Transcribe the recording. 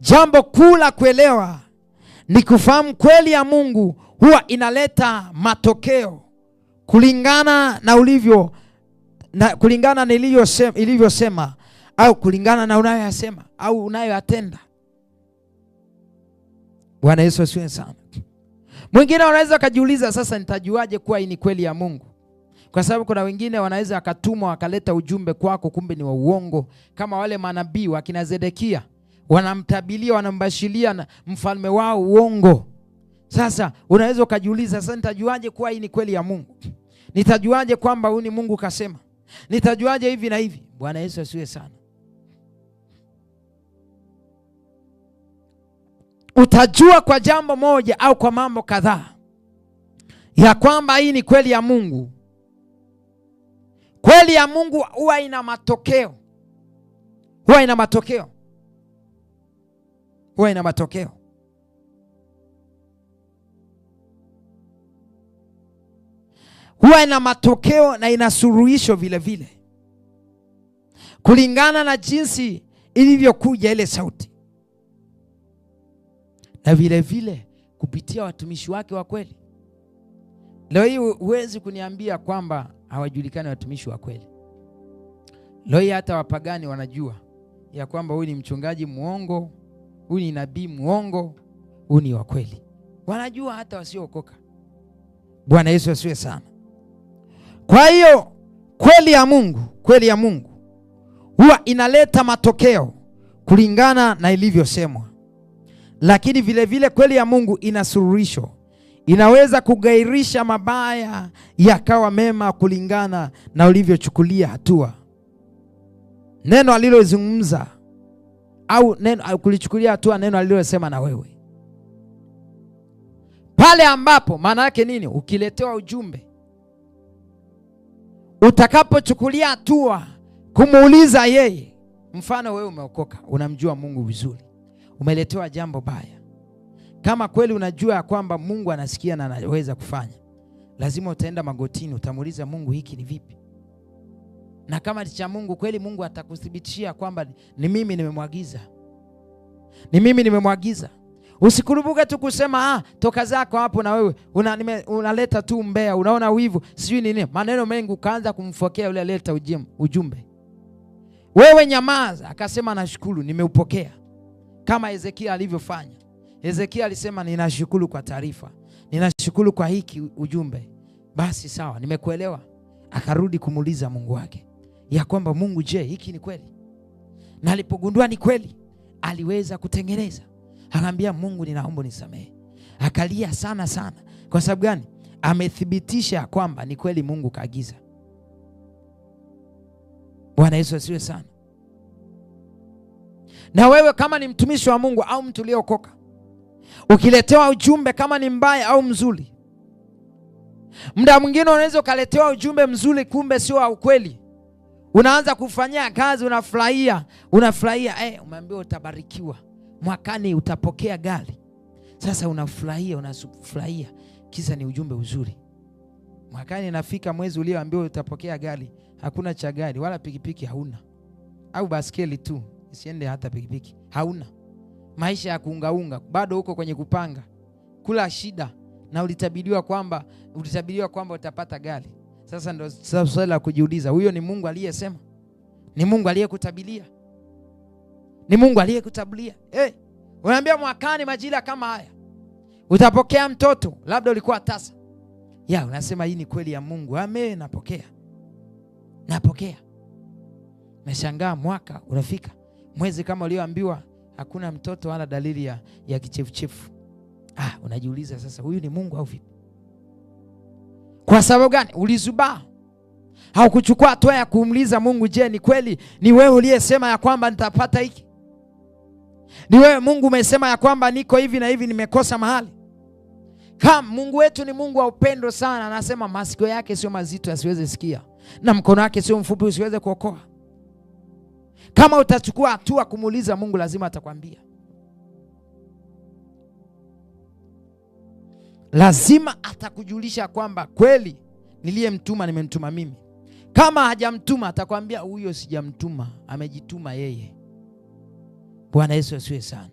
Jambo kuu la kuelewa ni kufahamu kweli ya Mungu huwa inaleta matokeo kulingana na ulivyo na kulingana na ilivyosema au kulingana na unayoyasema au unayoyatenda. Bwana Yesu asiwe sana. Mwingine wanaweza wakajiuliza, sasa nitajuaje kuwa hii ni kweli ya Mungu? Kwa sababu kuna wengine wanaweza wakatumwa wakaleta ujumbe kwako, kumbe ni wa uongo, kama wale manabii wakina Zedekia wanamtabilia, wanambashilia mfalme wao uongo. Sasa unaweza ukajiuliza, sasa nitajuaje kuwa hii ni kweli ya Mungu? Nitajuaje kwamba huyu ni Mungu kasema? Nitajuaje hivi na hivi? Bwana Yesu asiwe sana. Utajua kwa jambo moja au kwa mambo kadhaa ya kwamba hii ni kweli ya Mungu. Kweli ya Mungu huwa ina matokeo, huwa ina matokeo huwa ina matokeo. Huwa ina matokeo na ina suruhisho vile vile, kulingana na jinsi ilivyokuja ile sauti, na vile vile kupitia watumishi wake wa kweli. Leo hii huwezi kuniambia kwamba hawajulikani watumishi wa kweli. Leo hii hata wapagani wanajua ya kwamba huyu ni mchungaji mwongo huyu ni nabii mwongo, huyu ni wa kweli. Wanajua hata wasiookoka. Bwana Yesu asiwe sana. Kwa hiyo kweli ya Mungu, kweli ya Mungu huwa inaleta matokeo kulingana na ilivyosemwa, lakini vilevile vile kweli ya Mungu ina suluhisho, inaweza kugairisha mabaya yakawa mema kulingana na ulivyochukulia hatua. Neno alilozungumza au neno kulichukulia hatua neno alilosema na wewe pale ambapo maana yake nini? Ukiletewa ujumbe, utakapochukulia hatua kumuuliza yeye. Mfano wewe umeokoka, unamjua Mungu vizuri, umeletewa jambo baya. Kama kweli unajua ya kwamba Mungu anasikia na anaweza kufanya, lazima utaenda magotini, utamuuliza Mungu, hiki ni vipi? na kama ni cha Mungu kweli, Mungu atakuthibitishia kwamba ni mimi nimemwagiza, ni mimi nimemwagiza. Usikurubuke tu kusema ah, toka zako hapo na wewe unaleta una tu mbea, unaona wivu, sijui nini, maneno mengi, ukaanza kumfokea yule aleta ujumbe. Wewe nyamaza, akasema nashukuru, nimeupokea kama Ezekia alivyofanya. Ezekia alisema ninashukuru kwa taarifa, ninashukuru kwa hiki ujumbe, basi sawa, nimekuelewa. Akarudi kumuuliza Mungu wake ya kwamba Mungu, je, hiki ni kweli? Na alipogundua ni kweli, aliweza kutengeneza. Akaambia Mungu, ninaomba nisamehe. Akalia sana sana. Kwa sababu gani? Amethibitisha kwamba ni kweli Mungu kaagiza. Bwana Yesu asiwe sana. Na wewe kama ni mtumishi wa Mungu au mtu uliokoka, ukiletewa ujumbe kama ni mbaya au mzuri, muda mwingine unaweza ukaletewa ujumbe mzuri, kumbe sio wa ukweli unaanza kufanyia kazi, unafurahia, unafurahia eh, umeambiwa utabarikiwa mwakani, utapokea gari. Sasa unafurahia, unafurahia, kisa ni ujumbe uzuri. Mwakani nafika mwezi ulioambiwa utapokea gari, hakuna cha gari wala pikipiki hauna, au baskeli tu, isiende hata pikipiki hauna. Maisha ya kuungaunga, bado uko kwenye kupanga, kula shida, na ulitabiriwa kwamba ulitabiriwa kwamba utapata gari sasa ndo swali la kujiuliza, huyo ni Mungu aliyesema? Ni Mungu aliyekutabilia? Ni Mungu aliyekutabilia? Hey, eh, unaambia mwakani majira kama haya utapokea mtoto, labda ulikuwa tasa ya unasema hii ni kweli ya Mungu. Amen, napokea, napokea. Meshangaa mwaka unafika, mwezi kama ulioambiwa, hakuna mtoto wala dalili ya, ya kichefuchefu. Ah, unajiuliza sasa, huyu ni Mungu au vipi? Kwa sababu gani? Ulizubaa, haukuchukua hatua ya kumuuliza Mungu, je, ni kweli ni wewe uliyesema ya kwamba nitapata hiki? Ni wewe Mungu umesema ya kwamba niko hivi na hivi, nimekosa mahali kama? Mungu wetu ni Mungu wa upendo sana. Anasema masikio yake sio mazito asiweze sikia, na mkono wake sio mfupi usiweze kuokoa. Kama utachukua hatua kumuuliza Mungu, lazima atakwambia. lazima atakujulisha kwamba kweli niliyemtuma nimemtuma mimi. Kama hajamtuma atakwambia huyo sijamtuma, amejituma yeye. Bwana Yesu asiwe sana.